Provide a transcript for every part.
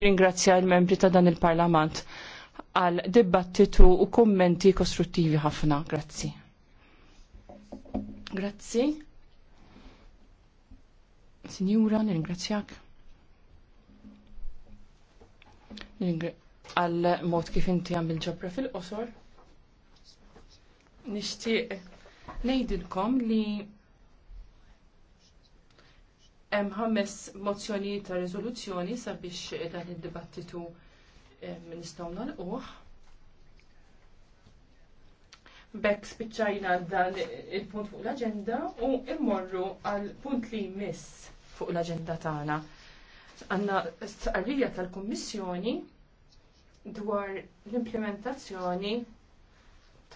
ringrazzja l-membri ta' dan il-Parlament għal dibattitu u kummenti kostruttivi ħafna. Grazzi. Grazzi. Sinjura, nirringrazzjak. Għal mod kif inti għamil ġabra fil-qosor. Nishtiq nejdilkom li Hemm ħames mozzjonijiet ta' riżoluzzjoni sabiex dan id-dibattitu eh, nistgħu nagħlquh. Bekk spiċċajna dan il-punt fuq l-aġenda u immorru għal punt li jmiss fuq l-aġenda tagħna. Għandna stqarrija tal-Kummissjoni dwar l-implementazzjoni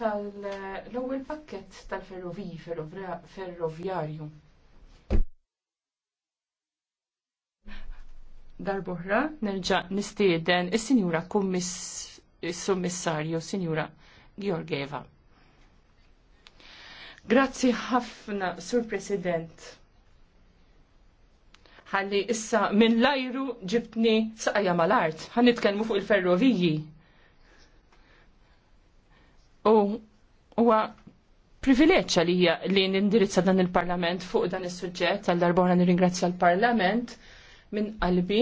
tal-ewwel pakkett tal-ferroviji ferroviarju. darbohra nerġa nistieden il-Sinjura Kummissarju, Sinjura Georgieva. Grazzi ħafna, Sur President. Ħalli issa minn lajru ġibtni saqajja mal-art. Ħan nitkellmu fuq il-ferroviji. U huwa privileġġa li hija li nindirizza dan il-Parlament fuq dan is-suġġett għal darbora nirringrazzja l-Parlament. il parlament minn qalbi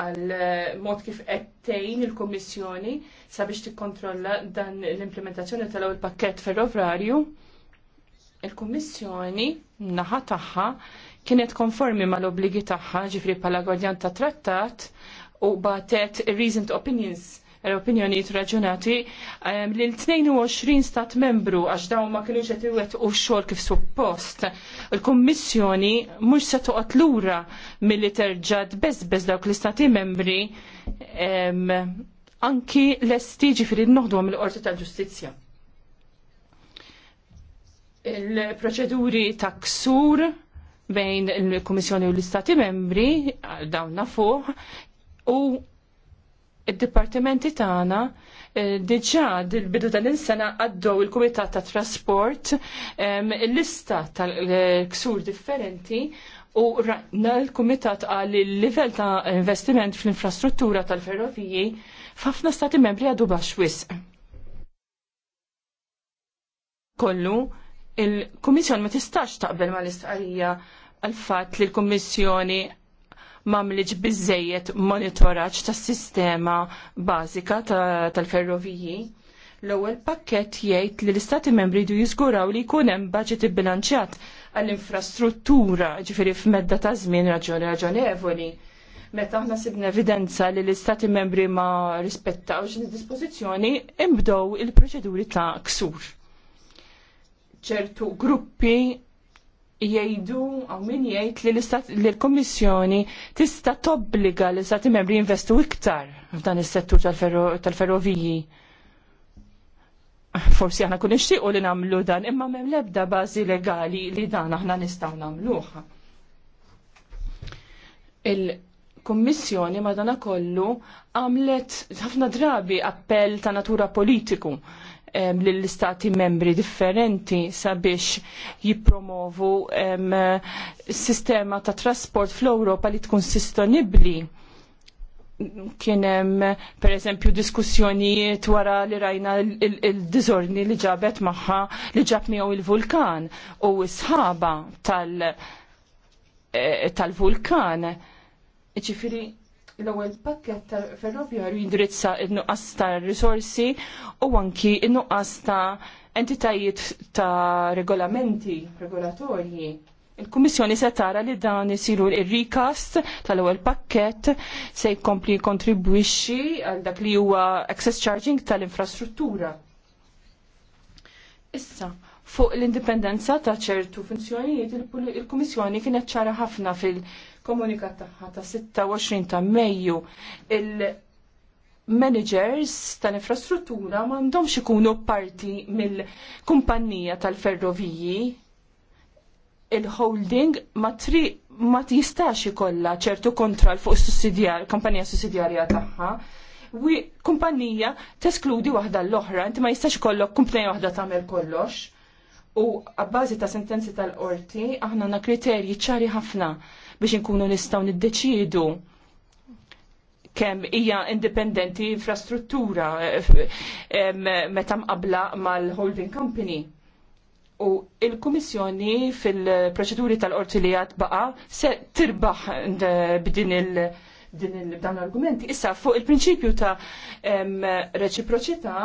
għal eh, mod kif qedtejn il-Kommissjoni sabiex tikkontrolla dan l-implementazzjoni tal-ewwel pakkett ferrovrarju. Il-Kummissjoni naħa tagħha kienet konformi mal-obbligi tagħha ġifri bħala gwardjan ta' trattat u batet reasoned opinions opinjonijiet raġunati l 22 stat membru għax dawn ma kienu qed iwettqu x-xogħol kif suppost. Il-Kummissjoni mhux se toqgħod lura milli terġa' bez dawk l-istati membri anki lesti noħdu għam il-Qorti tal-Ġustizzja. Il-proċeduri ta' ksur bejn il-Kummissjoni u l-Istati membri dawn fuq u id-dipartimenti tagħna eh, diġà dil-bidu tal-insena għaddew il-Kumitat ta' Trasport il-lista tal-ksur differenti u rajna l-Kumitat għal il-livell ta' investiment fl-infrastruttura tal-ferroviji f'ħafna stati membri għadu baxx wisq. Kollu, il-Kummissjoni ma tistax taqbel ma l istqarija għal fatt li l-Kummissjoni mamliġ bizzejiet monitoraġġ tas sistema bażika tal-ferroviji. L-ewwel pakkett jgħid li l-Istati membri jdu jiżguraw li jkun hemm baġit ibbilanċjat għall-infrastruttura ġifieri f'medda ta' żmien raġonevoli. Meta aħna sibna evidenza li l-Istati membri ma rispettawx il-dispożizzjoni, imbdow il-proċeduri ta' ksur ċertu gruppi jgħidu għaw min jgħid li l komissjoni tista' tobbliga li stati membri jinvestu iktar f'dan is-settur tal-ferroviji. Forsi aħna kun nixtiequ li nagħmlu dan, imma mem l-ebda bażi legali li dan aħna nistgħu nagħmluh. Il-Kummissjoni madanakollu għamlet ħafna drabi appell ta' natura politiku l-istati membri differenti sabiex jipromovu sistema ta' trasport fl-Europa li tkun sistonibli. Kien per eżempju, diskussjonijiet wara li rajna il-dizorni li ġabet maħħa li ġab miegħu il-vulkan u sħaba eh, tal-vulkan. Tal ġifiri, L-ewwel pakket tal ferroviarju jindrizza n-nuqqas ta' risorsi u anki n-nuqqas ta' entitajiet ta' regolamenti regolatorji. Il-Kummissjoni se tara li dan isiru l recast tal-ewwel pakkett se jkompli kontribwixxi għal dak li huwa access charging tal-infrastruttura. Issa, fuq l-indipendenza ta' ċertu funzjonijiet, il-Kummissjoni kienet ċara ħafna fil- komunikat tagħha ta' 26 ta' Mejju il-managers tal-infrastruttura m'għandhomx ikunu parti mill-kumpanija tal-ferroviji il-holding ma tri ma jistax ikollha ċertu kontrol fuq is-sussidjar, kumpanija sussidjarja tagħha. Wi kumpanija teskludi waħda l-oħra, inti ma jistax ikollok kumpanija waħda tagħmel kollox. U għabbażi ta' sentenzi tal-qorti, aħna na kriterji ċari ħafna biex inkunu nistgħu niddeċiedu kemm hija indipendenti infrastruttura eh, meta mqabla mal-holding company. U il komissjoni fil-proċeduri tal-qorti li għad baqa se tirbaħ b'din il- din il-dan l-argumenti. Issa, fuq il-prinċipju ta' reċiproċità,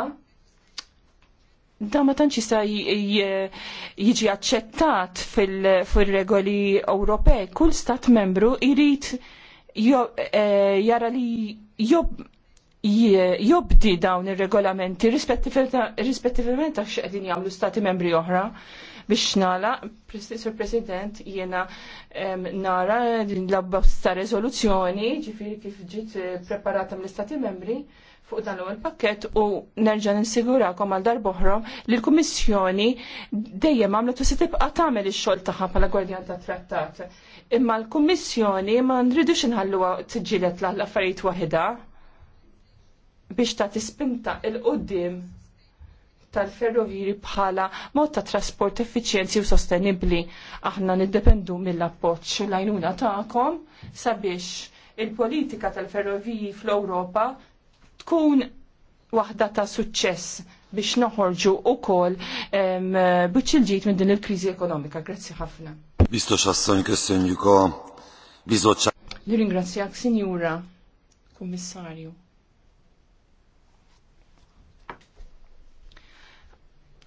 da ma tantx jista' jiġi aċċettat fil-regoli Ewropej. Kull stat membru jrid eh, jara li jobdi dawn ir-regolamenti rispettivament għax qegħdin jagħmlu stati membri oħra biex nala, Sur President, jiena nara din l-abbasta rezoluzzjoni, ġifiri kif ġiet eh, preparata mill-Istati membri, fuq dan l-ewwel pakkett u nerġa' ninsigurakom għal darb'oħrom li l-Kummissjoni dejjem għamlet u se tibqa' tagħmel ix-xogħol tagħha bħala gwardjan tat-trattat. Imma l-Kummissjoni ma nridux inħalluha tiġġieled l-affarijiet waħda biex ta' tispinta il qudiem tal-ferroviri bħala mod ta' trasport effiċjenzi u sostenibli. Aħna niddependu mill-appoġġ l-għajnuna tagħkom sabiex il-politika tal-ferroviji fl-Ewropa tkun waħda ta' suċċess biex noħorġu u kol buċċilġiet minn din il-krizi ekonomika. Grazzi ħafna. Bisto xassan kessin juko, bizoċa. Nirringrazzjak, Sinjura, Kommissarju.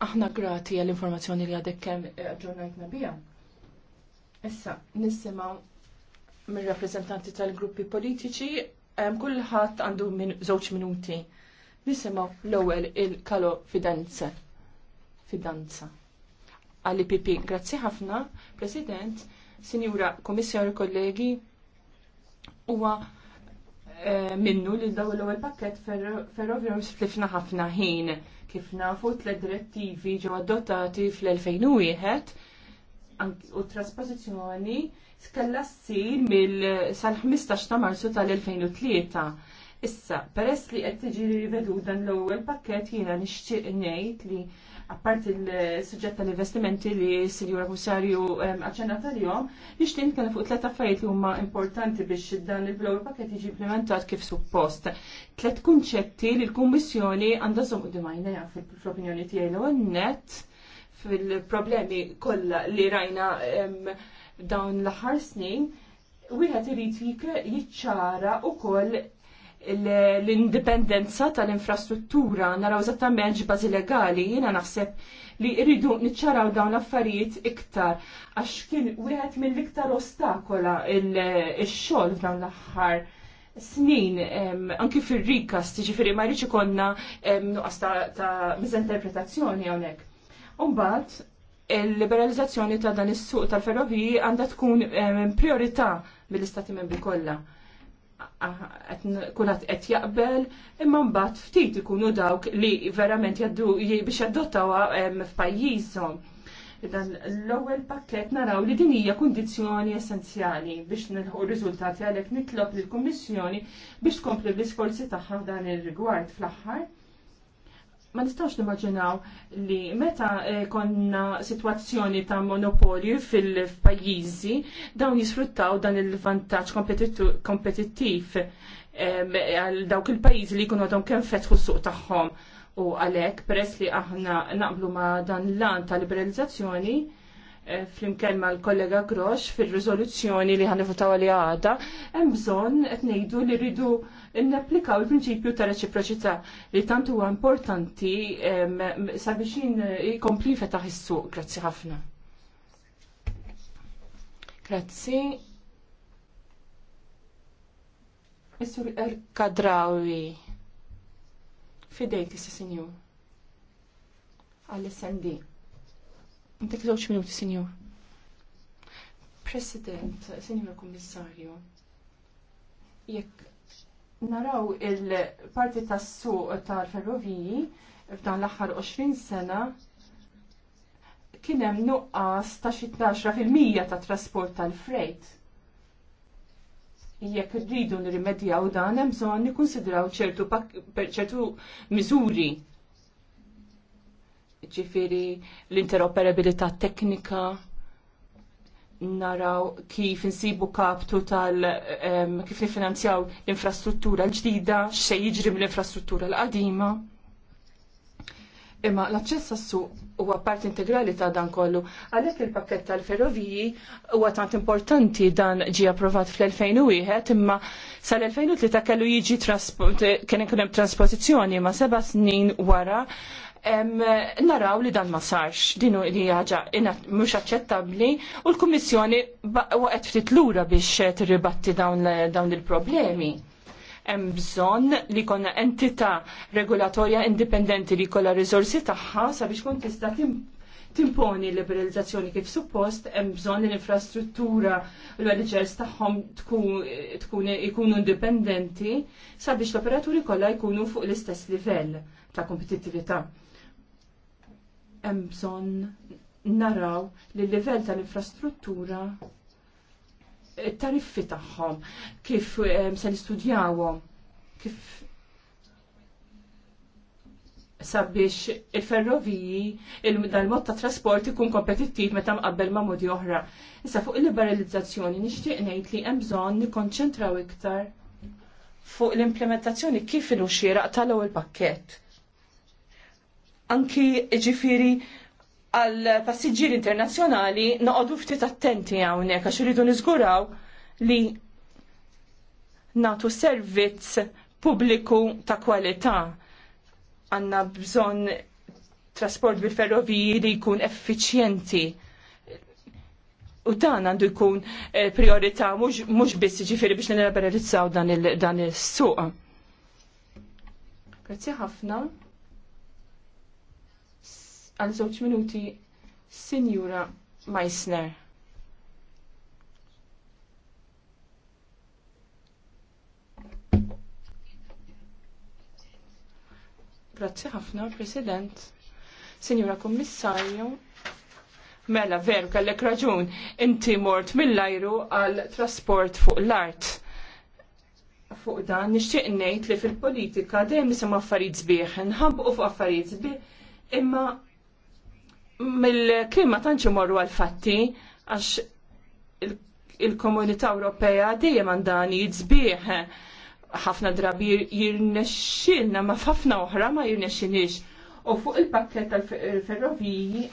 Aħna grati għall-informazzjoni li għadek kem ġurnajtna bija. Issa, nisimaw mir rappresentanti tal-gruppi politiċi Kulħadd għandu min żewġ minuti. Nisimgħu l-ewwel il-Kalo fidenza Fidanza. Għalli Pipi, grazzi ħafna, President, Sinjura Komissjoni Kollegi, huwa eh, minnu li daw l-ewwel pakkett ferroviarju splifna ħafna ħin kif nafu tliet direttivi ġew adottati fl-2001 u trasposizzjoni skella sir mill sal-15 ta' Marzu tal-2003. Issa, peress li qed tiġi rivedu dan l-ewwel pakkett jiena nixtieq ngħid li apparti l-suġġett tal-investimenti li s-Sinjura Kussarju għacċena ehm, tal-jom, nixtin kena fuq tlet affarijiet li huma importanti biex dan il ewwel paket jiġi implementat kif suppost. Tlet kunċetti li l-Kummissjoni għandha żomm dimajna fil-opinjoni tiegħi l net fil-problemi kollha li rajna ehm, dawn l-aħħar snin, wieħed irid jiċċara wkoll l-indipendenza tal-infrastruttura naraw eżattament ġbażi legali jiena naħseb li rridu niċċaraw dawn l-affarijiet iktar għax kien wieħed mill-iktar ostakola il-xogħol f'dawn l-aħħar snin anki fir-rikas jiġifieri ma jridx ikollna nuqqas ta' miżinterpretazzjoni hawnhekk. Umbagħad il-liberalizzazzjoni ta' dan is-suq tal-ferroviji għandha tkun priorità mill-istati membri kollha. Kunat qed jaqbel imma mbagħad ftit ikunu dawk li verament jaddu biex jaddottaw f'pajjiżhom. Dan l-ewwel pakkett naraw li din hija kundizzjoni essenzjali biex nilħu r riżultati għalhekk nitlob lill-Kummissjoni biex tkompli l-isforzi tagħha dan ir-rigward fl-aħħar ma nistax nimmaġinaw li meta eh, konna situazzjoni ta' monopolju fil-pajjiżi dawn jisfruttaw dan il-vantaġġ kompetittiv għal dawk il-pajjiżi li jkunu għadhom kemm fetħu s-suq tagħhom. U għalhekk peress li aħna naqblu ma' dan l an ta' liberalizzazzjoni, Eh, flimkien l kollega Grosh fil-rizoluzzjoni li ħan votaw li għada, hemm bżonn qed ngħidu li rridu napplikaw il-prinċipju ta' reċiproċità li tant huwa importanti eh, sabiex jkompli eh, fetaħ is-suq. Grazzi ħafna. Grazzi. Isur El-Kadrawi. Fidejk, issa sinjur. Alessandri. Dik żewġ minuti, Sinjur. President, Sinjur Kommissarju, jekk naraw il-parti tas-suq tal-ferroviji f'dan l-aħħar 20 sena kien hemm nuqqas ta' xi mija ta' trasport tal-frejt. Jekk irridu nirrimedjaw dan hemm bżonn nikkunsidraw ċertu miżuri ġifiri l-interoperabilità teknika, naraw kif insibu kaptu tal um, kif nifinanzjaw l-infrastruttura l-ġdida, xej jiġri mill-infrastruttura l-qadima. Imma l-aċċess għassu huwa part integrali ta' dan kollu. Għalhekk il-pakket tal-ferroviji huwa tant importanti dan ġie approvat fl-2001 imma sal-2003 kellu jiġi kien hemm trasposizzjoni ma' seba' snin wara naraw li dan ma sarx, dinu li ħaġa mhux aċċettabbli u l-Kummissjoni waqgħet ftit lura biex tirribatti dawn il-problemi. Hemm bżonn li konna entità regolatorja indipendenti li kollha riżorsi tagħha sabiex tkun tista' timponi liberalizzazzjoni kif suppost, hemm bżonn l-infrastruttura u l-managers tagħhom tkun ikunu indipendenti sabiex l-operaturi kollha jkunu fuq l-istess livell ta' kompetittività hemm bżonn naraw li l-livell tal-infrastruttura tariffi tagħhom kif eh, se nistudjawhom kif sabiex il-ferroviji, il-mod ta' trasport ikun kompetittiv meta mqabbel ma' modi oħra. Issa fuq il-liberalizzazzjoni nixtieq ngħid li hemm bżonn nikkonċentraw iktar fuq l-implementazzjoni kif il xieraq tal-ewwel pakkett anki ġifiri għal passiġġieri internazzjonali noqogħdu ftit attenti hawnhekk għax iridu niżguraw li natu servizz pubbliku ta' kwalità. Għandna bżonn trasport bil-ferroviji li jkun effiċjenti. U dan għandu jkun eh, priorità mhux biss jiġifieri biex nirreberizzaw dan il-suq. Grazzi ħafna għal żewġ minuti Sinjura Meissner. Grazzi ħafna, President. Sinjura Kommissarju, Mela, veru, kellek raġun, inti mort mill-ajru għal trasport fuq l-art. Fuq dan, nixtieq ngħid li fil-politika dejjem nisimgħu affarijiet zbieħ, nħabbu fuq affarijiet sbieħ, imma mill-klim ma tantx imorru għal-fatti għax il-komunità Ewropea dejjem għandani jitzbieħ ħafna drabi jirnexxilna ma f'ħafna oħra ma jirnexxinix. U fuq il-pakket tal-ferroviji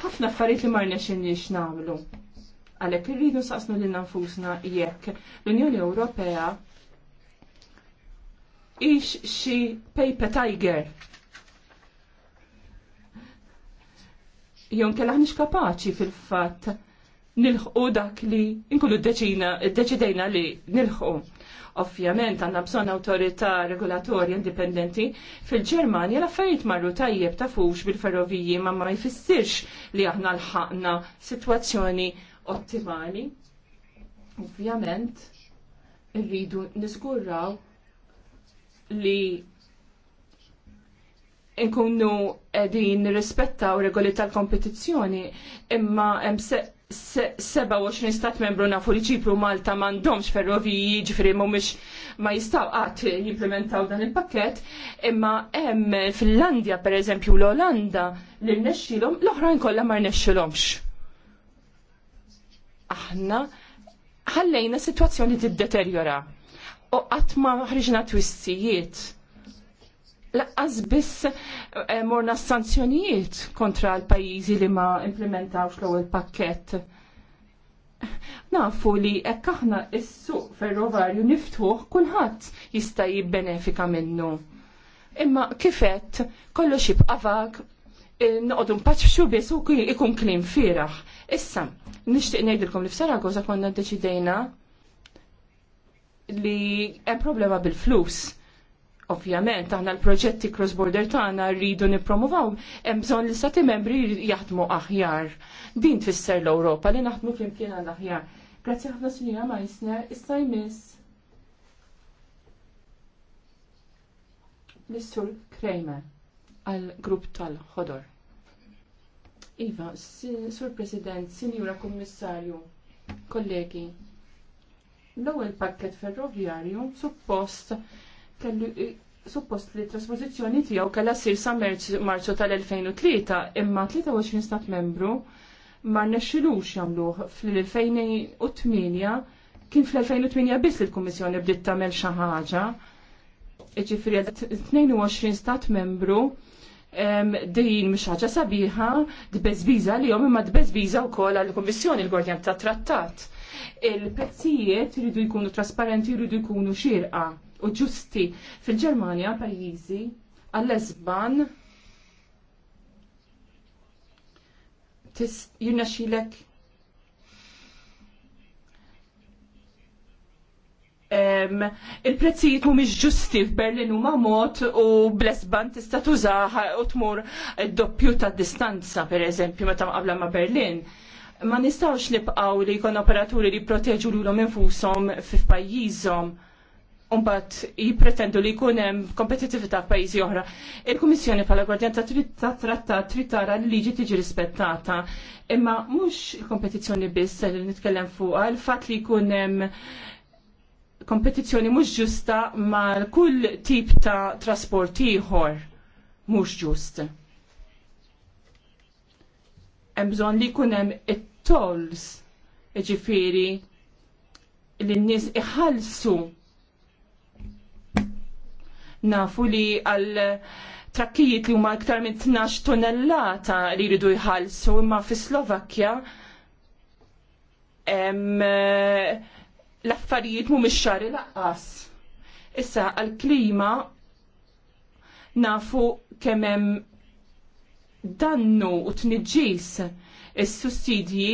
ħafna affarijiet li ma rnexxinix nagħmlu. Għalhekk irridu saqsnu lil nfusna jekk l-Unjoni Ewropea ix xi paper tiger jom kella ħnix kapaċi fil-fat nilħu dak li inkunu deċidejna li nilħu. Ovvjament għanna bżon autorita regolatorja indipendenti. fil ġermania l-affarijiet marru tajjeb ta' fux bil-ferroviji ma ma jfissirx li aħna l-ħakna situazzjoni ottimali. Ovvjament, rridu nisgurraw li nkunu qegħdin nirrispettaw regoli tal-kompetizzjoni imma hemm 27 stat membru nafu li ċipru Malta m'għandhomx ferroviji ġifri mhumiex ma jistgħu qatt jimplementaw dan il-pakket, imma hemm Finlandja pereżempju l-Olanda li rnexxilhom l-oħrajn kollha ma rnexxilhomx. Aħna ħallejna sitwazzjoni tiddeteriora u qatt ma ħriġna twissijiet laqqas biss eh, morna sanzjonijiet kontra l-pajjiżi li ma implementawx l-ewwel pakkett. Nafu li hekk aħna s-suq ferrovarju niftuħ kulħadd jista' jibbenefika minnu. Imma kifet kollox jibqa' vag eh, noqogħdu mpaċċu biss u ikun klim firaħ. Issa, nixtieq ngħidilkom li f'Saragoza konna deċidejna li hemm problema bil-flus Ovvjament, aħna l-proġetti cross-border tagħna rridu nippromuvaw hemm bżonn li stati membri jaħdmu aħjar. Din tfisser l-Ewropa li naħdmu flimkien għal aħjar. Grazzi ħafna Sinjora Meissner, issa jmiss. L-Sur Kramer għal grupp tal-ħodor. Iva, Sur President, Sinjura Kommissarju, kollegi, l-ewwel pakket ferroviarju suppost kellu suppost li trasposizjoni tiegħu kellha ssir sa Marzu tal-2003 imma 23 stat membru ma rnexxilux jagħmluh fl-2008 kien fl-2008 biss li kommissjoni kummissjoni bdiet tagħmel xi ħaġa. Ġifieri 22 stat membru din mhux sabiħa sabiħa dbeżbiża li jom imma u wkoll għall-Kummissjoni l gordjan tat Trattat. Il-pezzijiet iridu jkunu trasparenti, jridu jkunu xirqa u ġusti. Fil-Ġermanja pajjiżi għall-Esban jirnaxilek Um, il-prezzijiet mhumiex ġusti f'Berlin huma mod u bl-esban tista' tużaħ u tmur doppju ta' distanza pereżempju meta qabla ma' Berlin. Ma nistgħux nibqgħu li jkun operaturi li jproteġu lulhom infushom f'pajjiżhom. Umbat jipretendu li jkun hemm kompetitività f'pajjiżi oħra. Il-Kummissjoni bħala Gwardjan ta' Tritta Trattat trid tara li liġi tiġi rispettata. Imma mhux il-kompetizzjoni biss li nitkellem fuqha, il-fatt li jkun hemm kompetizzjoni mhux ġusta mal kull tip ta' trasport ieħor mhux ġust. Hemm bżonn li jkun hemm it-tolls, jiġifieri, li n-nies iħallsu Nafu li għal trakkijiet li huma aktar minn 12 tonnellata li jridu jħallsu imma fi Slovakkja eh, l-affarijiet mhumiex xari laqqas. Issa għall klima nafu kemm hemm dannu u tniġġis is-sussidji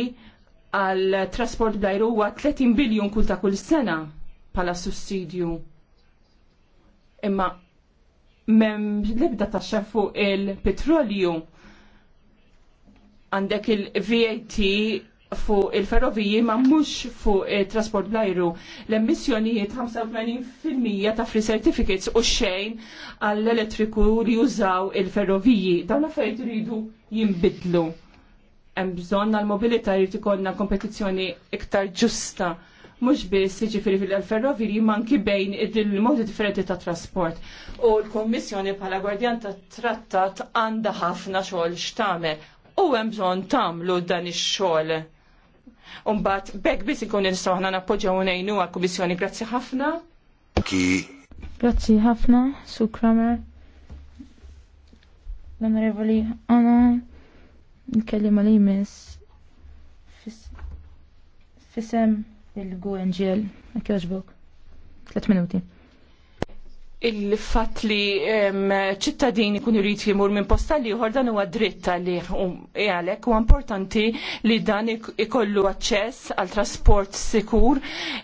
għal trasport bl-ajru huwa 30 biljun kull ta' kull sena bħala sussidju imma mem l-ebda taxxa fuq il-petrolju għandek il-VAT fuq il-ferroviji ma mhux fuq il-trasport blajru l-emissjonijiet 85% ta' free certificates u xejn għall-elettriku li jużaw il-ferroviji. Dawn l-affarijiet rridu jinbidlu. Hemm bżonn għall mobilità jrid ikollna kompetizzjoni iktar ġusta mhux biss jiġifieri fil-ferroviri manki bejn il-modi differenti ta' trasport. U l-Kummissjoni bħala gwardjan ta' trattat għandha ħafna xogħol xtame. u hemm bżonn tagħmlu dan ix-xogħol. Umbat, bekk biss ikun nistgħu ħna nappoġġjaw ngħinu għall Grazzi ħafna. Ki. Grazzi ħafna, Su Kramer. L-Onorevoli Anna, nkellem għal-imis. Fisem. Fis il-GUNGL, kjoġbok. 3 minuti. Il-fat li ċittadini kun jrid jimur minn posta li uħor dan huwa dritt għalih għalek u e importanti li dan ikollu aċċess għal trasport sikur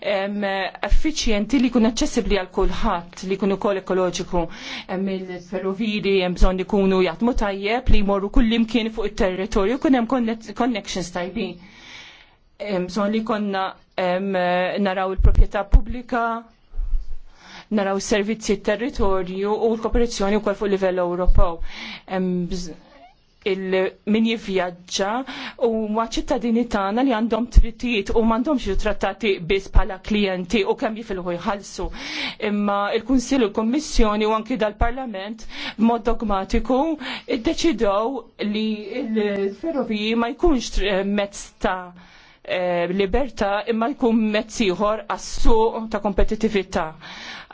effiċjenti li jkun aċċessibbli għal kulħadd li jkun ukoll ekoloġiku hemm il-ferroviri hemm bżonn ikunu jaħdmu tajjeb li jmorru kullimkien fuq it-territorju kun hemm connections tajbin. Bżonn li konna Eh, naraw il-proprjetà pubblika, naraw servizzi territorju u l-kooperazzjoni wkoll fuq livell Ewropew. il-min jivvjaġġa u ma ċittadini tagħna li għandhom trittijiet u m'għandhomx trattati biss bħala klijenti u kemm jifilħu jħallsu. Imma il-Kunsill u l-Kummissjoni u anki dal-Parlament b'mod dogmatiku iddeċidew li l-ferroviji ma jkunx mezz ta' Eh, libertà imma jkun mezz ieħor għas-suq ta' kompetitività.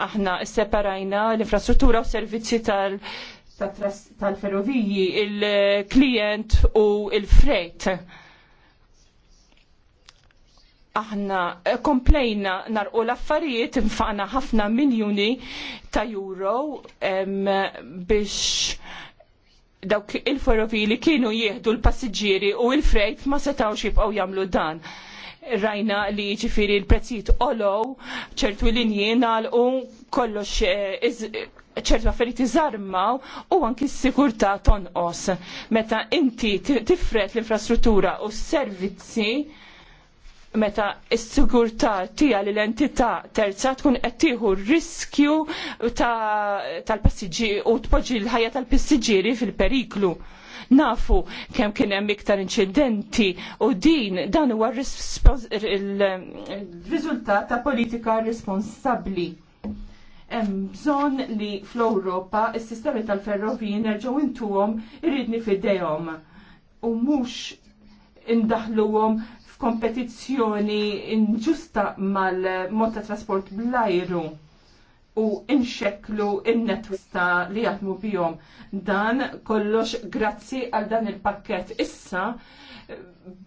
Aħna separajna l-infrastruttura u servizzi tal- tal-ferroviji, il-klient u il-frejt aħna eh, komplejna narqu l-affarijiet infaqna ħafna miljoni ta' euro biex dawk il-ferroviji li kienu jieħdu l-passiġġieri u l-frejt ma setawx jibqgħu jagħmlu dan rajna li ġifiri l prezzijiet olow, ċertu linji nalqu kollox eh, ċertu affarijiet iżarmaw u anki s-sikurta tonqos. Meta inti tifret l-infrastruttura u s-servizzi, meta s-sigurtà tija li l-entità terza tkun qed tieħu riskju tal-passiġġieri u tpoġġi l-ħajja tal-passiġġieri fil-periklu nafu kemm kien hemm iktar inċidenti u din dan huwa r riżultat ta' politika responsabbli. Hemm bżonn li fl-Ewropa s-sistemi tal-ferroviji nerġgħu intuhom iridni fidejhom u mhux indaħluhom f'kompetizzjoni inġusta mal-mod ta' trasport bl-ajru u inxeklu in-netwista li jaħdmu bihom. Dan kollox grazzi għal dan il-pakket issa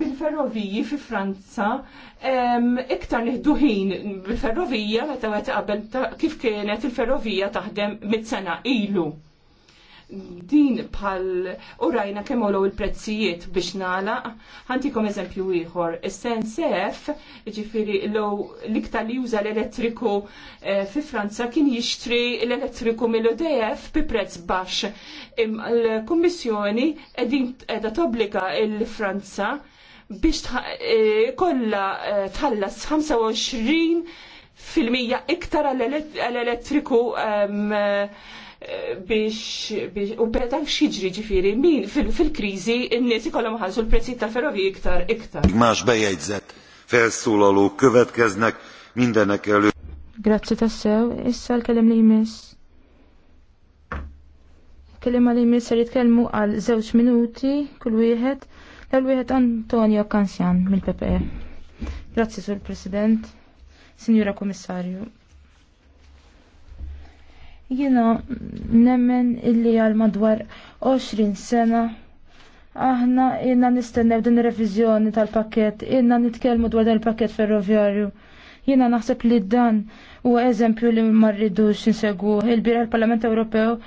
bil-ferroviji fi Franza iktar nieħduħin bil-ferrovija meta qabel kif kienet il-ferrovija taħdem mit-sena ilu din pal urajna kemm olow il-prezzijiet biex nagħlaq. Ħantikom eżempju ieħor, is-sens jiġifieri low l-iktar li juża l-elettriku eh, fi Franza kien jixtri l-elettriku mill-ODF bi prezz baxx. L-Kummissjoni qegħdin qiegħda tobbliga l-Franza biex eh, kollha eh, tħallas 25 fil-mija iktar għall-elettriku biex u beda xieġri ġifiri min fil-krizi n-nies ikollhom ħansu l-prezzi ta' ferrovi iktar iktar. Más bejegyzett felszólalók következnek mindenek elő. Grazzi tassew, issa l-kellem li jmiss. Kellem li jmiss ser jitkellmu għal żewġ minuti kull wieħed l wieħed Antonio Kansjan mill-PPE. Grazzi sur President, Signora Komissarju. Jina nemmen illi għal madwar 20 sena aħna jina nistennew din ir-reviżjoni tal-pakket, jina nitkellmu dwar dan il-pakket ferroviarju. Jiena naħseb li dan huwa eżempju li ma rridux inseguh. Il-bira l-Parlament Ewropew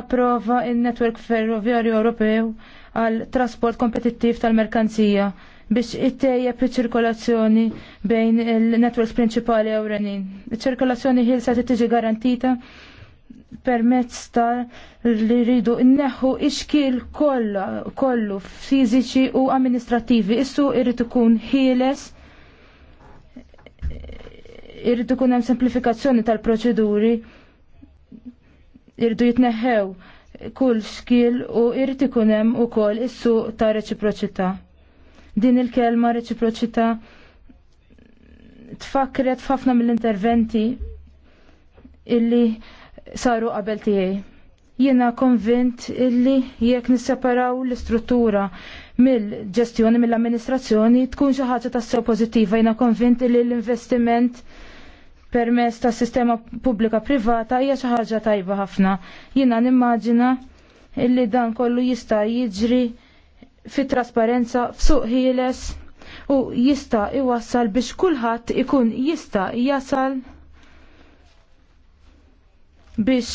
approva il-Network Ferroviarju Ewropew għal trasport kompetittiv tal-merkanzija biex ittejjeb iċ-ċirkolazzjoni bejn il-networks prinċipali ewrenin. Iċ-ċirkolazzjoni se tiġi garantita permezz ta' li rridu nneħħu ixkil kollu fiżiċi u amministrativi. Issu irrid ikun ħieles irrid ikun hemm semplifikazzjoni tal-proċeduri irridu jitneħħew kull xkil u irrid ikun hemm ukoll is-suq ta' reċiproċità. Din il-kelma reċiproċità tfakret f'ħafna mill-interventi illi saru qabel tiegħi. Jiena konvint illi jekk nisseparaw l-istruttura mill-ġestjoni mill-amministrazzjoni tkun xi ħaġa tassew pożittiva jiena konvint illi l-investiment permess ta' sistema pubblika privata hija xi ħaġa tajba ħafna. Jiena nimmaġina illi dan kollu jista' jiġri fit trasparenza f'suq ħieles u jista' iwassal biex kulħadd ikun jista' jasal biex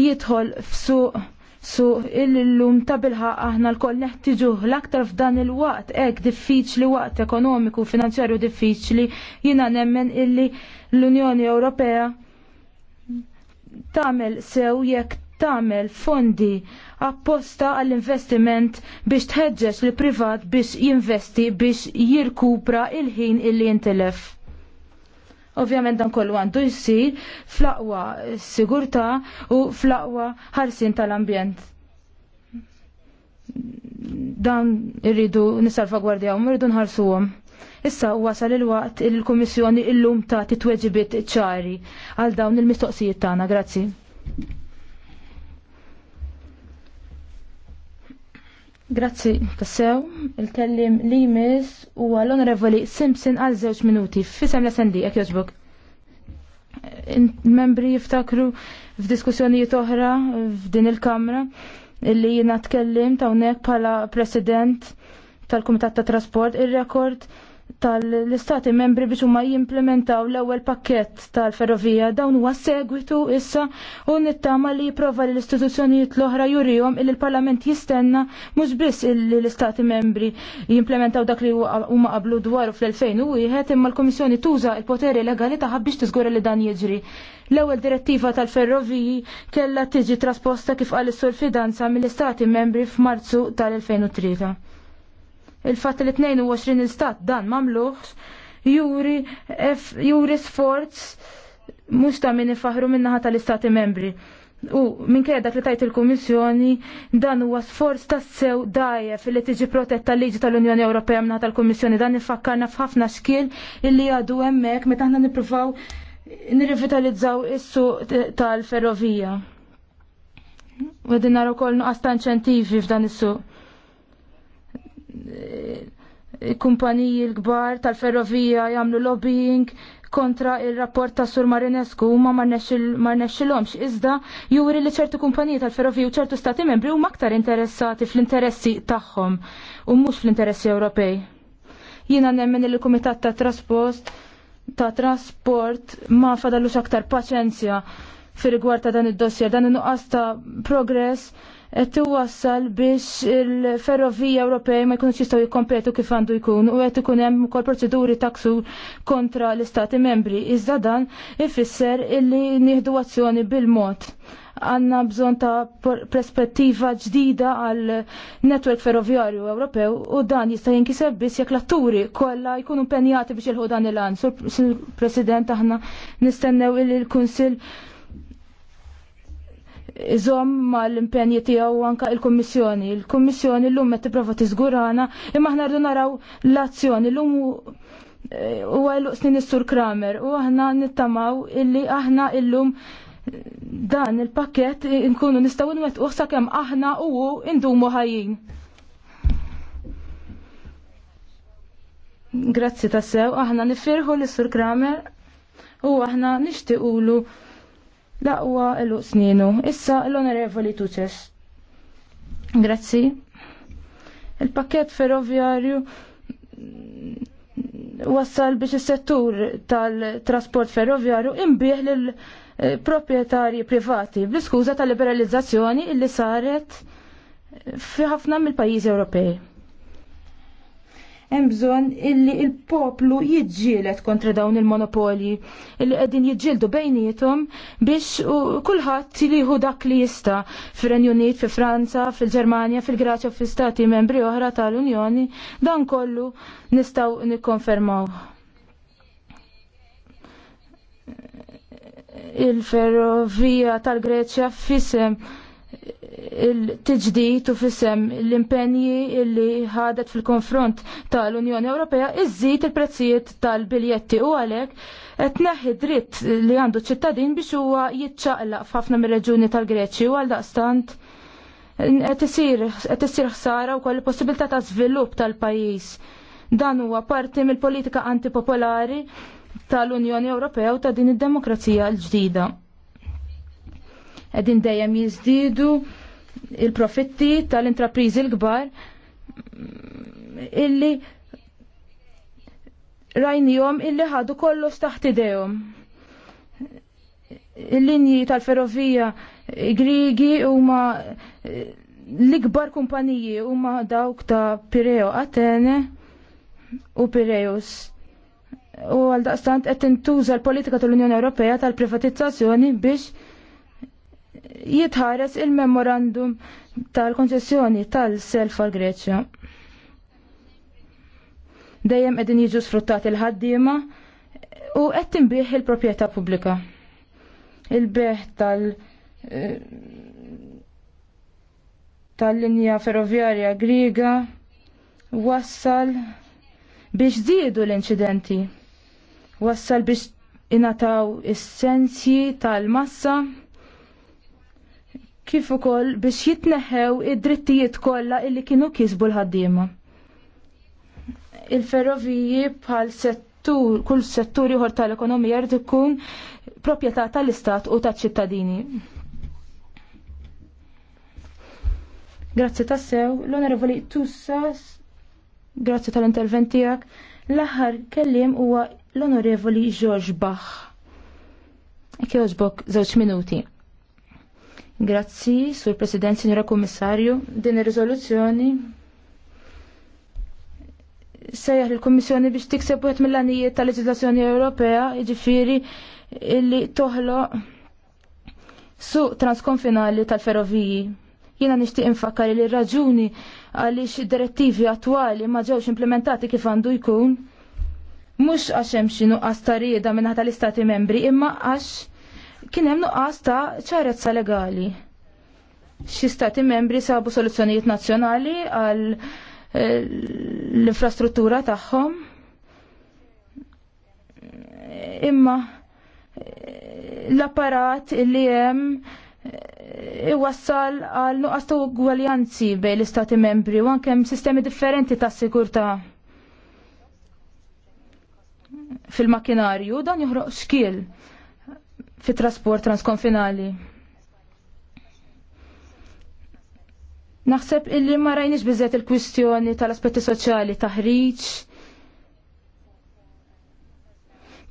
jidħol f'suq su il-lum ta' bilħa aħna l-koll neħtiġu l-aktar f'dan il-waqt ek diffiċli waqt ekonomiku finanzjarju diffiċli jina nemmen illi l-Unjoni Ewropea tamel sew jekk tamel fondi apposta għall-investiment biex tħeġġeġ li privat biex jinvesti biex jirkupra il-ħin illi jintelef. Ovvjament dan kollu għandu jsir fl-aqwa sigurtà u fl-aqwa ħarsin tal-ambjent. Dan irridu nissalvagwardjaw, irridu nħarsuhom. Issa wasal il-waqt il-Kummissjoni lum ta' titweġibit ċari għal dawn il-mistoqsijiet tagħna. Grazzi. Grazzi, tassew. Il-kellim li jmiss u għall-onorevoli Simpson għal żewġ minuti. Fisem l-SND, għak joġbuk. Membri jiftakru f'diskussjonijiet oħra f'din il-Kamra illi jina tkellim ta' unek pala president tal-Kumitat ta' Trasport il-rekord tal-istati membri biex huma jimplementaw l-ewwel pakkett tal-ferrovija dawn huwa segwitu issa u nittama li jipprova l istituzzjonijiet l-oħra jurihom il l parlament jistenna mhux biss li l-istati membri jimplementaw dak li huma qablu dwaru fl-2001 imma l-Komissjoni tuża il-poteri legali tagħha biex tiżgura li dan jiġri. L-ewwel direttiva tal-ferroviji kellha tiġi trasposta kif qal is-sur fidanza mill-istati membri f'Marzu tal-2003. Il-fatt li 22 istat dan mamluħ juri, juri sforz mux ta' minni faħru minnaħa tal-istati membri. U minn dak li tajt il kommissjoni dan huwa sforz tassew fil li tiġi protetta liġi tal-Unjoni Ewropea minn tal kommissjoni dan ifakkarna f'ħafna xkien illi għadu hemmhekk meta aħna nippruvaw nirrivitalizzaw is-suq tal-ferrovija. U għedin naraw kol nuqqas ta' inċentivi f'dan is-suq kumpaniji l-kbar tal-ferrovija jagħmlu lobbying kontra il-rapport ta' Sur Marinescu ma marnexxilhomx iżda juri li ċertu kumpaniji tal-ferrovija u ċertu stati membri huma aktar interessati fl-interessi tagħhom u mhux fl-interessi Ewropej. Jiena nemmen il-Kumitat ta' Trasport ta' Trasport ma fadallux aktar paċenzja fir rigward ta' dan id-dossier, dan in-nuqqas ta' progress qed iwassal biex il-ferrovija Ewropej ma jkunux jistgħu jikkompetu kif għandu jkun u qed ikun hemm ukoll proċeduri taksu kontra l-Istati membri. Iżda dan ifisser illi nieħdu azzjoni bil-mod. Għanna bżon ta' perspettiva ġdida għal netwerk ferroviarju Ewropew u dan jista' jinkiseb biss jekk l-atturi kollha jkunu impenjati biex jilħu dan il-għan. Sur President aħna nistennew il-Kunsill il l il kunsill iżom mal-impenji tiegħu anka il-Kummissjoni. Il-Kummissjoni llum qed tipprova tiżgurana imma aħna rridu naraw l-azzjoni llum eh, huwa l snin sur Kramer u aħna nittamaw illi aħna illum dan il-pakket nkunu nistgħu nwettqu sakemm aħna u indumu ħajjin. Grazzi tassew, aħna nifirħu l-Sur Kramer u aħna ulu laqwa l sninu. Issa l-onorevoli Tuċes. Grazzi. Il-pakket ferroviarju wassal biex is-settur tal-trasport ferroviarju imbieħ l eh, proprjetarji privati bl skuza tal-liberalizzazzjoni illi saret fi ħafna mill-pajjiżi Ewropej hemm bżonn illi il-poplu jiġġielet kontra dawn il-monopoli illi qegħdin jiġġieldu bejniethom biex kulħadd jieħu dak li jista' fir-Renju Unit, fi Franza, fil-Ġermanja, fil-Graċja u fil-Stati membri oħra tal-Unjoni dan kollu nistgħu nikkonfermaw. Il-ferrovija tal-Greċja fisem il-tġdijt u fissem l-impenji li ħadet fil-konfront tal-Unjoni Ewropea iżżid il-prezzijiet tal-biljetti u għalek qed neħi dritt li għandu ċittadin biex huwa jiċċaqlaq f'ħafna mir-reġuni tal-Greċi u għal daqstant qed isir ħsara wkoll il possibilità ta' żvilupp tal-pajjiż. Dan huwa parti mill-politika antipopolari tal-Unjoni Ewropea u ta' din id-demokrazija l-ġdida. Qegħdin dejjem jiżdiedu il-profitti tal-intrapriżi l-kbar illi rajnijom illi ħadu kollox taħt idejhom. Il-linji tal-ferrovija Grigi huma l-ikbar kumpaniji huma dawk ta' Pireo Atene u Pireus. U għal daqstant qed tintuża l-politika tal-Unjoni Ewropea tal-privatizzazzjoni biex jitħares il-memorandum tal-konċessjoni tal-self għal Greċja. Dejjem qegħdin jiġu sfruttati l-ħaddiema u qed tinbih il-proprjetà pubblika. Il-beħ tal- eh, tal-linja ferroviarja griga wassal biex zidu l-inċidenti. Wassal biex inataw is tal-massa kif ukoll biex jitneħħew id-drittijiet kollha illi kienu kisbu l-ħaddiema. Il-ferroviji bħal settur, kull settur ieħor tal-ekonomija jrid ikun proprjetà tal-istat u taċ-ċittadini. Grazzi tassew, l-onorevoli Tussas, grazzi tal-interventijak, l-aħħar kellim huwa l-onorevoli George Bach. Ekk żewġ minuti. Grazzi, Sur President, Signora Kommissarju. Din ir-riżoluzzjoni sejjaħ il-Kommissjoni biex tikseb wieħed mill-għanijiet tal-leġislazzjoni Ewropea, jiġifieri illi toħloq su transkonfinali tal-ferroviji. Jiena nixtieq infakkar li raġuni għaliex direttivi attwali ma ġewx implementati kif għandu jkun mhux għax hemm xi nuqqas tarieda minn tal-Istati Membri, imma għax kien hemm nuqqas ta' ċarezza legali. Xi stati membri sabu soluzzjonijiet nazzjonali għal eh, l-infrastruttura tagħhom. Imma eh, l-apparat li hemm eh, iwassal għal nuqqas ta' ugwaljanzi bejn l-istati membri u anke sistemi differenti ta' sigurtà fil-makinarju dan joħroq xkiel fit trasport transkonfinali. Naħseb illi ma rajniex biżet il-kwistjoni tal-aspetti soċjali taħriġ,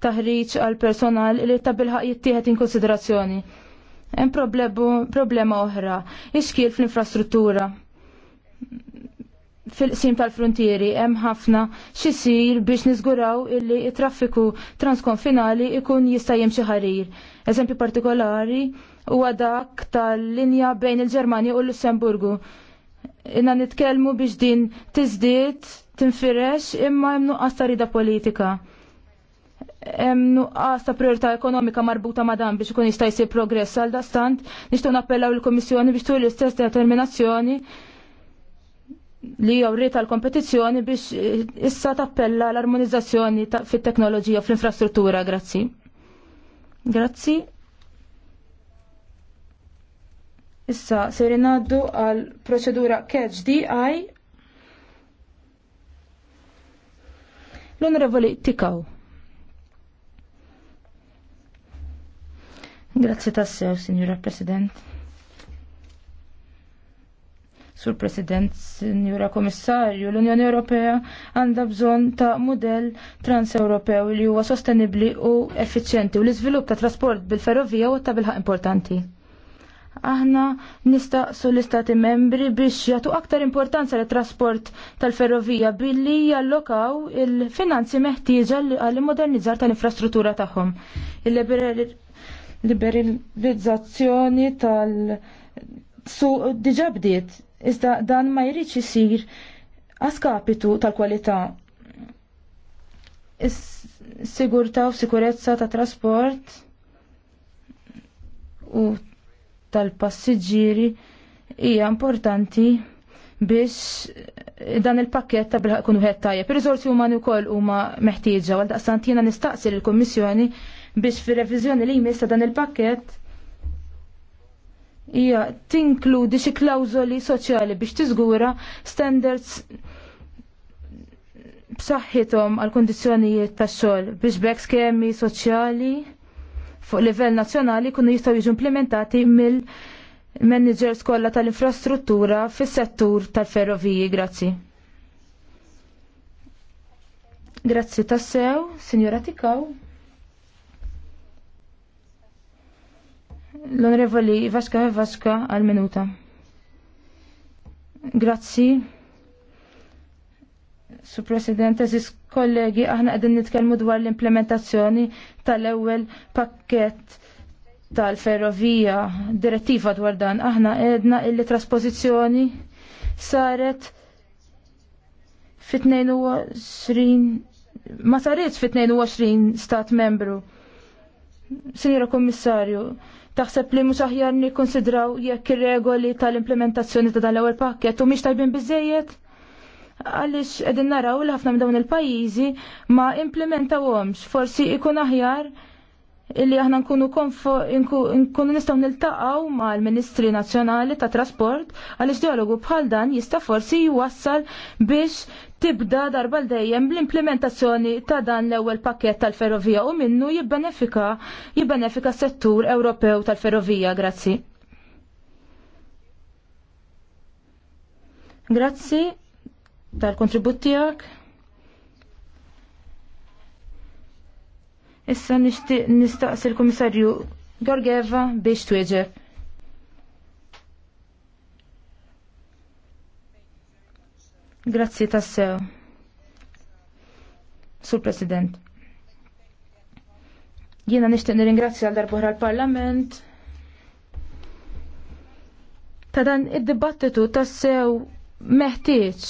taħriġ għal personal li ta' bilħaq jittieħed in konsiderazzjoni. Hemm problema oħra, ixkil fl-infrastruttura fil-qsim tal-frontieri hemm ħafna xisir biex niżguraw illi traffiku transkonfinali ikun jista' jimxi ħarir. Eżempju partikolari huwa dak tal-linja bejn il-Ġermanja u l-Lussemburgu. Inna nitkellmu biex din tiżdied tinfirex imma hemm nuqqas ta' rida politika. Hemm nuqqas ta' priorità ekonomika marbuta ma' dan biex ikun jista' jsir progress għal dastant nixtieq nappellaw il-Kummissjoni biex tu l-istess determinazzjoni li jowri tal-kompetizjoni biex eh, issa tappella l-armonizzazzjoni fit-teknoloġija fl-infrastruttura, grazzi. Grazzi. Issa se ngħaddu għal proċedura catch DI. L-Onorevoli Tikaw. Grazzi tassew, Signora President. Sur President, Signora Komissarju, l-Unjoni Ewropea għandha bżonn ta' mudell trans-Ewropew li huwa sostenibbli u effiċjenti u l-iżvilupp ta' trasport bil-ferrovija u ta' bilħaq importanti. Aħna nistaqsu l-istati membri biex jagħtu aktar importanza li trasport tal-ferrovija billi jallokaw il-finanzi meħtieġa għall-modernizzar tal-infrastruttura tagħhom. Il-liberalizzazzjoni tal- suq diġa bdiet Iżda dan ma jridx isir għaskapitu tal-kwalità. Is-sigurtà u sikurezza ta' trasport u tal-passiġġieri hija importanti biex dan il-pakket ta' bil kun wieħed tajjeb. Ir-riżorsi umani wkoll huma meħtieġa għal daqstant jiena nistaqsi lill-Kummissjoni biex fir-reviżjoni li jmiss ta' dan il-pakket hija tinkludi xi klawżoli soċjali biex tiżgura standards b'saħħithom għal kundizzjonijiet tax-xogħol biex b'hekk skemi soċjali fuq livell nazzjonali kunu jistgħu jiġu implementati mill managers kollha tal-infrastruttura fis-settur tal-ferroviji, grazzi. Grazzi tassew, Signora Tikaw. L-Onorevoli Vaska Vaska għal minuta. Grazzi. Su President, eżis kollegi, aħna għedin nitkelmu dwar l-implementazzjoni tal-ewel pakket tal-ferrovija direttiva dwar dan. Aħna għedna illi trasposizjoni saret fit-22 ma saritx fit-22 stat membru. Sinjera Kommissarju, Taħseb li mhux aħjar nikkonsidraw jekk ir-regoli tal-implementazzjoni ta' dan l-ewwel pakkett u mhix tajbin biżejjed? Għaliex qegħdin naraw li ħafna minn dawn il-pajjiżi ma implementawhomx, forsi ikun aħjar illi aħna nkunu nkunu nistgħu niltaqgħu mal-Ministri Nazzjonali ta' Trasport għaliex dialogu bħal dan jista' forsi jwassal biex tibda darba l-dejjem l implementazzjoni ta' dan l-ewwel pakket tal-ferrovija u minnu jibbenefika jibbenefika settur Ewropew tal-ferrovija. Grazzi. Grazzi tal-kontribut tiegħek. Issa nistaqsi l-Komissarju Gorgeva biex tweġeb. Grazzi tassew. Sur President. Jiena nixtieq nirringrazzja għal darbuħra l-Parlament ta' dan id-dibattitu tassew meħtieġ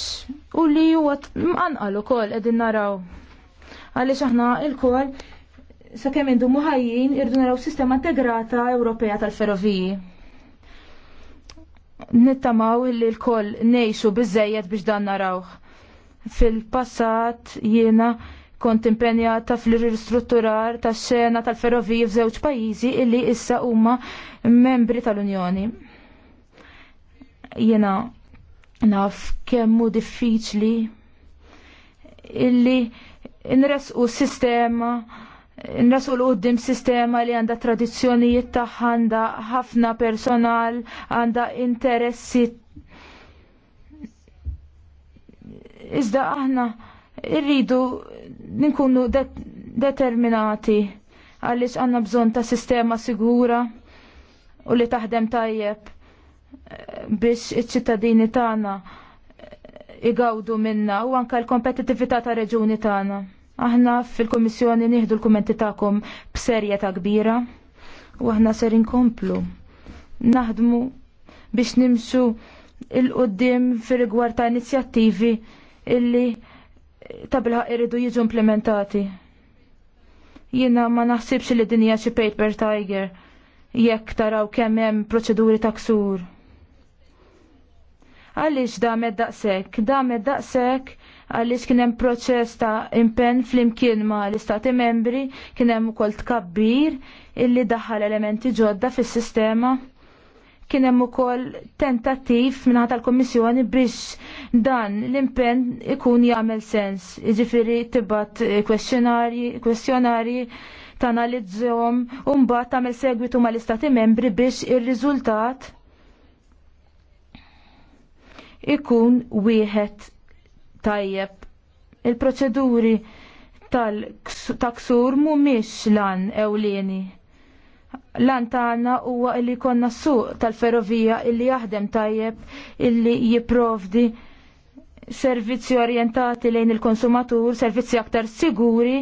u li huwa mqanqal ukoll qegħdin naraw. Għaliex aħna l-kol sakemm indu muħajjin irdu naraw sistema integrata Ewropea tal-ferroviji nittamaw li l-koll nejxu bizzejet biex dan narawh. Fil-passat jiena kont impenjata fl-ristrutturar ta' xena tal-ferroviji f'żewġ pajjiżi illi issa huma membri tal-Unjoni. Jiena naf kemmu diffiċli illi nresqu sistema Nrasu l-qoddim sistema li għanda tradizzjonijiet tagħha għanda ħafna personal, għanda interessi. Iżda aħna irridu ninkunu det determinati għaliex għanna bżon ta' sistema sigura u li taħdem tajjeb eh, biex iċ-ċittadini tagħna igawdu minna u anka l-kompetitività ta' reġuni tagħna. Aħna fil-Komissjoni nieħdu l-kummenti tagħkom b'serjetà kbira u aħna ser inkomplu. Naħdmu biex nimxu il-qoddim fir-rigward ta' inizjattivi illi tabilħaq iridu jiġu implementati. Jiena ma naħsibx li dinja xi paper tiger jekk taraw kemm hemm proċeduri ta' ksur. Għaliex damet daqshekk, damet daqshekk għaliex kien hemm proċess ta' impenn flimkien ma' l-istati membri kien hemm ukoll tkabbir illi daħħal elementi ġodda fis-sistema kien hemm ukoll tentattiv minna tal-Kummissjoni biex dan l-impenn ikun jagħmel sens. Jiġifieri tibgħat kwestjonarji, kwestjonarji un u mbagħad tagħmel segwitu mal-Istati Membri biex ir-riżultat ikun wieħed tajjeb. Il-proċeduri tal-ksur mhumiex lan ewlieni. Lan tagħna huwa li konna suq tal-ferrovija illi jaħdem tajjeb illi jipprovdi servizzi orjentati lejn il-konsumatur, servizzi aktar siguri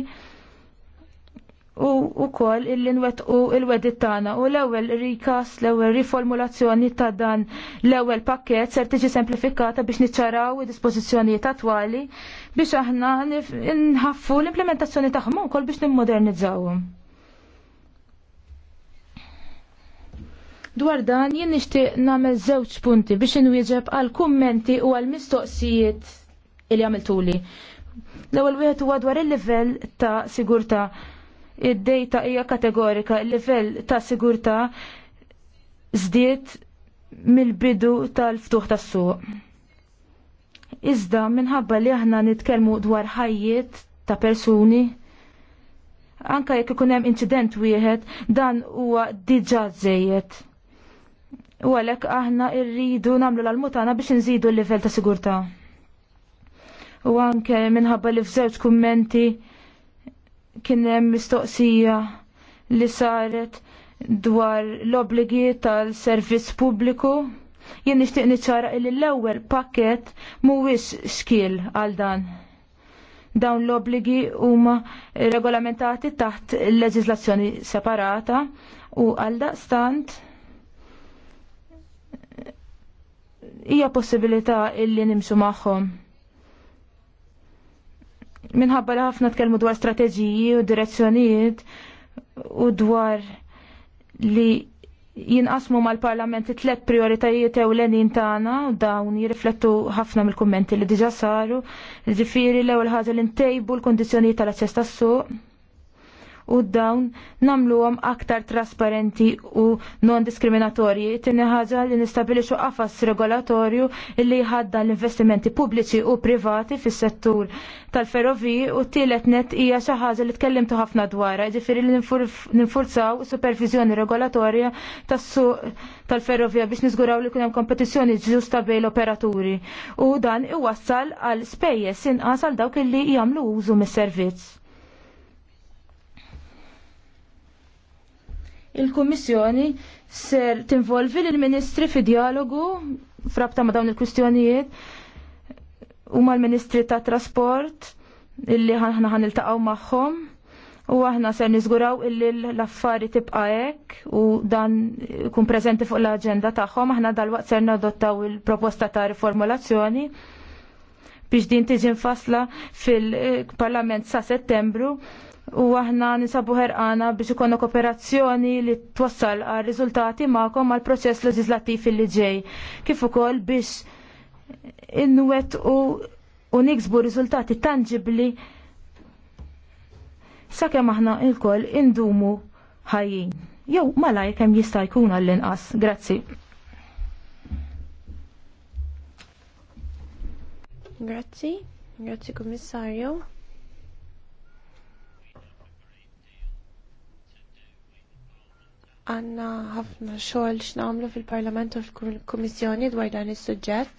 u wkoll illi nwettqu il-wedit tagħna u l-ewwel rikas, l-ewwel riformulazzjoni ta' dan l-ewwel pakket ser tiġi semplifikata biex niċċaraw id-dispożizzjonijiet twali biex aħna nħaffu l-implementazzjoni tagħhom ukoll biex nimmodernizzawhom. Dwar dan jien nixtieq nagħmel żewġ punti biex inwieġeb għal kummenti u għal mistoqsijiet li għamiltuli. L-ewwel wieħed huwa dwar il-livell ta' sigurtà id-dejta hija kategorika livell ta' sigurtà żdied mill-bidu tal-ftuħ tas-suq. Iżda minħabba li aħna nitkellmu dwar ħajjiet ta' persuni anka jekk ikun hemm inċident wieħed dan huwa diġà żejjed. U għalhekk aħna rridu nagħmlu l-almutana biex inżidu l-livell ta' sigurtà. U anke minħabba li f'żewġ kummenti kien hemm mistoqsija li saret dwar l obbligi tal-servizz pubbliku. Jien nixtieq niċċara li l-ewwel pakket mhuwiex xkiel għal dan. Dawn l-obligi huma regolamentati taħt leġiżlazzjoni separata u għal daqstant hija possibilità illi nimxu magħhom minħabba li ħafna tkellmu dwar strateġiji u direzzjonijiet u dwar li jinqasmu mal-parlament tlet prioritajiet ewlenin tagħna u dawn jirriflettu ħafna mill-kummenti li diġa' saru, ġifieri l-ewwel ħaġa li ntejbu l-kundizzjonijiet tal-aċċess tas-suq u dawn namluhom aktar trasparenti u non diskriminatorji. Tinni ħaġa li nistabilixu qafas regolatorju li jħadda l-investimenti pubbliċi u privati fis-settur tal-ferroviji u tielet net hija xi ħaġa li tkellimtu ħafna dwarha, jiġifieri li ninfurzaw supervizjoni regolatorja tas-suq tal-ferrovija biex niżguraw li kun hemm kompetizzjoni ġusta bejn l-operaturi. U dan iwassal għal spejjeż inqas għal dawk li jagħmlu użu mis-servizz. il-Kummissjoni ser tinvolvi lill-Ministri fi dialogu frabta ma dawn il-kwistjonijiet u mal-Ministri ta' Trasport illi ħana ħan il-taqaw magħhom u aħna ser niżguraw illi l-affari tibqa' hekk u dan kun preżenti fuq l-aġenda tagħhom aħna waqt ser nadottaw il-proposta ta' riformulazzjoni biex din tiġi fasla fil-Parlament sa' Settembru u aħna nisabu ħerqana biex ikonna kooperazzjoni li twassal għal riżultati magħkom għal proċess leġislattiv li ġej. Kif ukoll biex inwet u, u niksbu riżultati tangibli sakemm aħna lkoll indumu ħajjin. Jew malajr kemm jista' jkun għall-inqas. Grazzi. Grazzi, grazzi kummissarju. għanna ħafna xogħol x'nagħmlu fil-Parlament u fil-Kummissjoni dwar dan is-suġġett.